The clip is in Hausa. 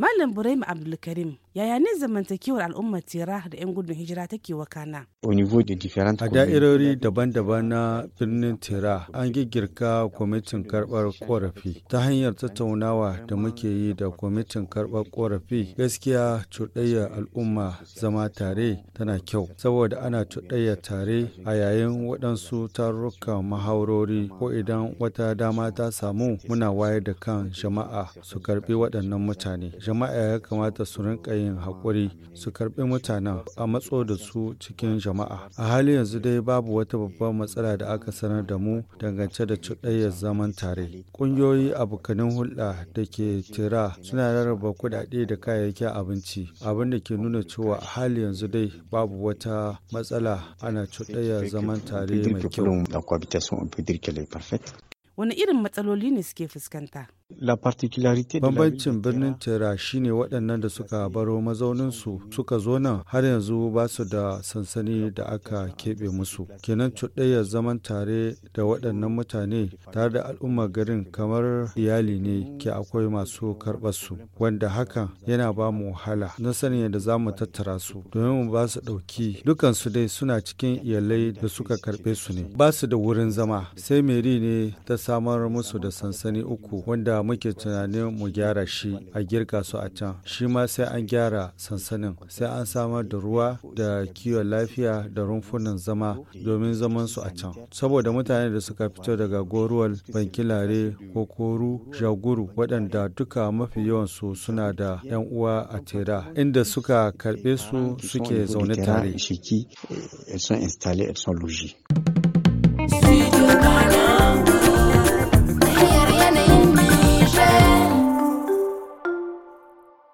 Malam ibrahim Abdulkarim yaya ne zamantakewar al'ummar tera da 'yan gudun hijira take wakana a da'irori daban-daban na birnin tera an girka kwamitin karbar korafi ta hanyar tattaunawa da muke yi da kwamitin karbar korafi gaskiya cuɗayyar al'umma zama tare tana kyau saboda ana cuɗayya tare a yayin waɗansu tarurruka mahaurori ko idan wata dama ta samu muna wayar da kan jama'a su karbi waɗannan mutane jama'a ya kamata su rinka yin haƙuri su karɓi mutanen a matso da su cikin jama'a a hali yanzu dai babu wata babbar matsala da aka sanar da mu dangance da cuɗayyar zaman tare ƙungiyoyi abokanin hulɗa da ke tira suna rarraba kuɗaɗe da kayayyakin abinci abin da ke nuna cewa a halin yanzu dai babu wata matsala ana cuɗayyar zaman tare mai kyau wani irin matsaloli ne suke fuskanta Bambancin birnin Tera shine waɗannan da suka baro mazauninsu suka zo nan har yanzu ba su da sansani da aka keɓe musu. Kenan cuɗayar zaman tare da waɗannan mutane tare da al'ummar garin kamar iyali ne ke akwai masu su wanda haka yana ba mu wahala na sanin yadda za mu tattara su domin mu ba su ɗauki dukansu dai suna cikin iyalai da suka karɓe su ne. Ba su da wurin zama sai Meri ne ta samar musu da sansani uku wanda muke tunanin mu gyara shi a girka su a can shi ma sai an gyara sansanin sai an samar da ruwa da kiwon lafiya da rumfunan zama domin zaman su a can saboda mutane da suka fito daga goruwal bankilare ko koru jaguru waɗanda duka mafi yawan su suna da 'yan uwa a tera inda suka karɓe su suke zaune tare